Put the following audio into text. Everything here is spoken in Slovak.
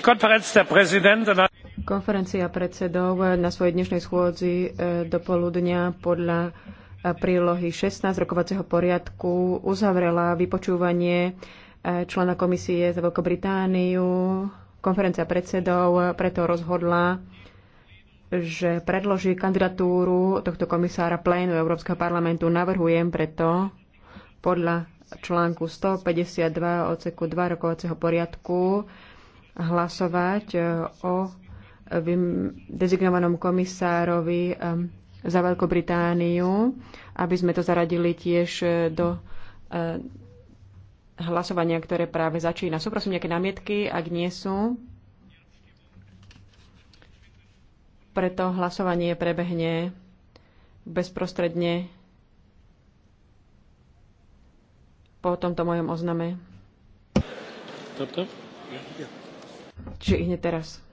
Konferencia predsedov na svojej dnešnej schôdzi e, do poludnia podľa e, prílohy 16 rokovacieho poriadku uzavrela vypočúvanie e, člena komisie za Veľkú Britániu. Konferencia predsedov preto rozhodla, že predloží kandidatúru tohto komisára plénu Európskeho parlamentu. Navrhujem preto podľa článku 152 odseku 2 rokovacieho poriadku hlasovať e, o dezignovanom komisárovi e, za Veľkú Britániu, aby sme to zaradili tiež e, do hlasovania, ktoré práve začína. Sú prosím nejaké námietky, ak nie sú? Preto hlasovanie prebehne bezprostredne po tomto mojom ozname. Toto? Yeah. Čiže i hneď teraz.